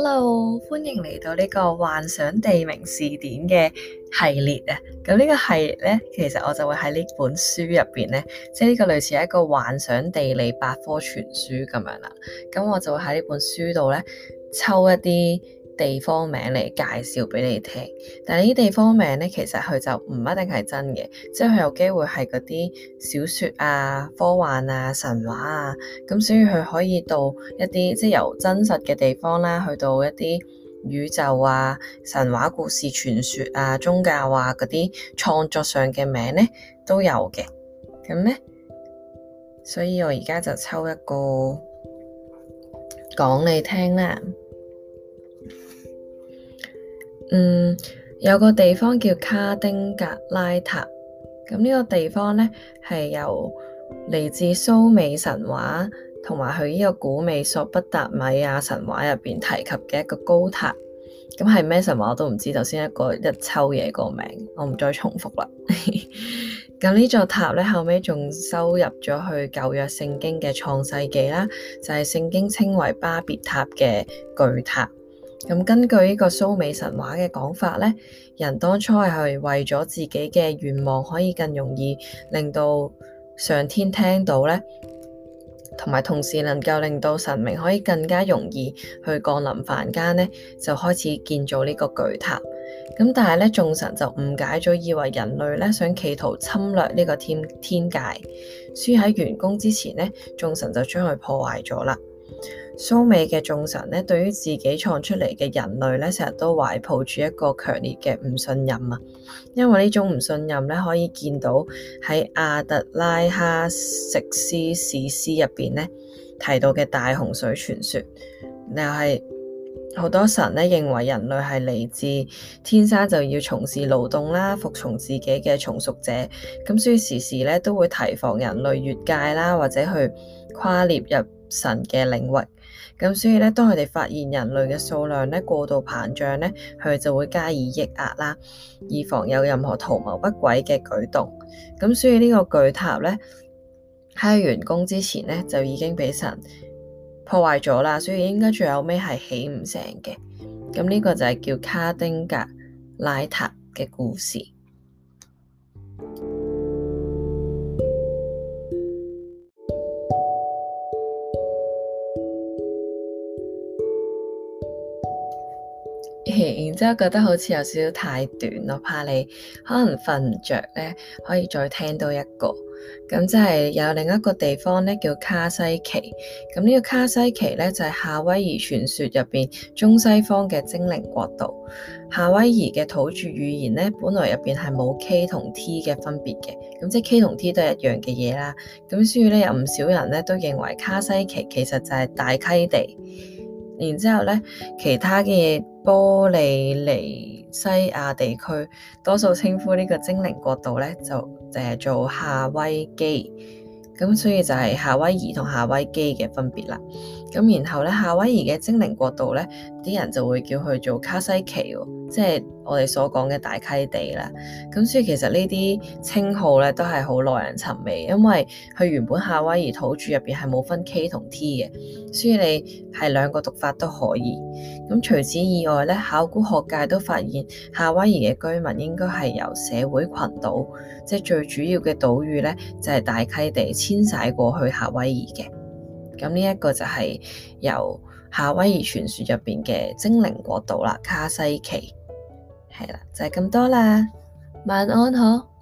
hello，歡迎嚟到呢個幻想地名事典嘅系列啊。咁、嗯、呢、這個系列呢，其實我就會喺呢本書入邊呢，即係呢個類似係一個幻想地理百科全書咁樣啦。咁、嗯、我就會喺呢本書度呢，抽一啲。地方名嚟介紹畀你聽，但係呢啲地方名咧，其實佢就唔一定係真嘅，即係佢有機會係嗰啲小說啊、科幻啊、神話啊，咁所以佢可以到一啲即係由真實嘅地方啦，去到一啲宇宙啊、神話故事、傳說啊、宗教啊嗰啲創作上嘅名咧都有嘅，咁咧，所以我而家就抽一個講你聽啦。嗯，有個地方叫卡丁格拉塔，咁呢個地方呢，係由嚟自蘇美神話同埋佢呢個古美索不達米亞神話入面提及嘅一個高塔，咁係咩神話我都唔知道，頭先一個一抽嘢個名，我唔再重複啦。咁 呢座塔呢，後屘仲收入咗去舊約聖經嘅創世紀啦，就係、是、聖經稱為巴別塔嘅巨塔。咁根據呢個蘇美神話嘅講法咧，人當初係為咗自己嘅願望可以更容易令到上天聽到咧，同埋同時能夠令到神明可以更加容易去降臨凡間咧，就開始建造呢個巨塔。咁但係咧，眾神就誤解咗，以為人類咧想企圖侵略呢個天天界，所以喺完工之前咧，眾神就將佢破壞咗啦。蘇美嘅眾神咧，對於自己創出嚟嘅人類咧，成日都懷抱住一個強烈嘅唔信任啊！因為呢種唔信任咧，可以見到喺亞特拉哈西斯史詩入邊咧提到嘅大洪水傳說，又係好多神咧認為人類係嚟自天生就要從事勞動啦，服從自己嘅從屬者，咁所以時時咧都會提防人類越界啦，或者去跨裂入。神嘅領域咁，所以咧，當佢哋發現人類嘅數量咧過度膨脹咧，佢就會加以抑壓啦，以防有任何圖謀不軌嘅舉動。咁所以呢個巨塔咧喺完工之前咧就已經俾神破壞咗啦，所以應該最後尾係起唔成嘅。咁呢個就係叫卡丁格拉塔嘅故事。然之後覺得好似有少少太短咯，我怕你可能瞓唔着咧，可以再聽到一個。咁即係有另一個地方咧叫卡西奇。咁呢個卡西奇咧就係夏威夷傳說入邊中西方嘅精靈國度。夏威夷嘅土著語言咧本來入邊係冇 K 同 T 嘅分別嘅，咁即係 K 同 T 都係一樣嘅嘢啦。咁所以咧有唔少人咧都認為卡西奇其實就係大溪地。然之後咧其他嘅波利尼西亞地區多數稱呼呢個精靈國度呢，就叫做夏威基。咁所以就係夏威夷同夏威基嘅分別啦。咁然後咧，夏威夷嘅精靈國度咧，啲人就會叫佢做卡西奇喎、哦，即係我哋所講嘅大溪地啦。咁所以其實稱呢啲稱號咧都係好耐人尋味，因為佢原本夏威夷土著入邊係冇分 K 同 T 嘅，所以你係兩個讀法都可以。咁除此以外咧，考古學界都發現夏威夷嘅居民應該係由社會群島。即最主要嘅島嶼呢，就係大溪地遷徙過去夏威夷嘅。咁呢一個就係由夏威夷傳説入面嘅精靈國度啦，卡西奇。係啦，就係咁多啦。晚安，好。